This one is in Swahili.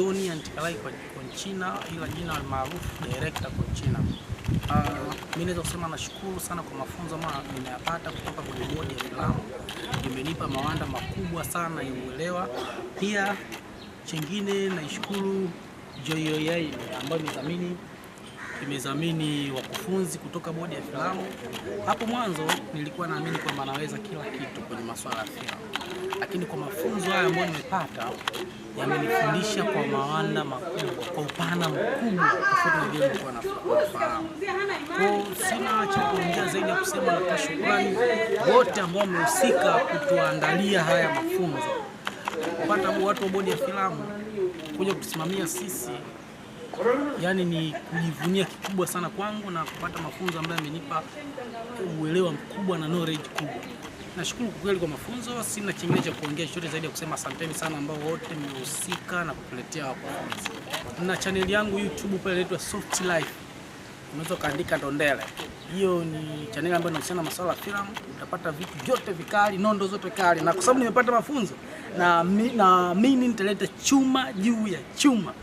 John Antikalai kwa Konchina, ila jina maarufu director Konchina. Uh, ah, mimi naweza kusema nashukuru sana kwa mafunzo ambayo nimeyapata kutoka kwenye bodi ya filamu, imenipa mawanda makubwa sana ya uelewa. Pia chengine naishukuru JOI ambayo ni imezamini wakufunzi kutoka bodi ya filamu. Hapo mwanzo nilikuwa naamini kwamba naweza kila kitu kwenye masuala ya filamu, lakini kwa mafunzo haya ambayo nimepata yamenifundisha kwa mawanda makubwa, kwa upana mkubwa, tofauti na vile nilikuwa nafahamu. Kwa sina cha kuongea zaidi ya kusema na shukrani wote ambao wamehusika kutuandalia haya mafunzo, kupata watu wa bodi ya filamu kuja kutusimamia sisi yani ni kujivunia kikubwa sana kwangu na kupata mafunzo ambayo amenipa uelewa mkubwa na knowledge kubwa. Nashukuru kweli kwa mafunzo, sina kingine cha kuongea chochote zaidi ya kusema asanteni sana ambao wote mmehusika na kukuletea hapa. Na chaneli yangu YouTube pale inaitwa Soft Life, unaweza kaandika Ndondele. Hiyo ni chaneli ambayo inahusiana na masuala ya filamu, utapata vitu vyote vikali, nondo zote kali, na kwa sababu nimepata mafunzo na mimi nitaleta chuma juu ya chuma.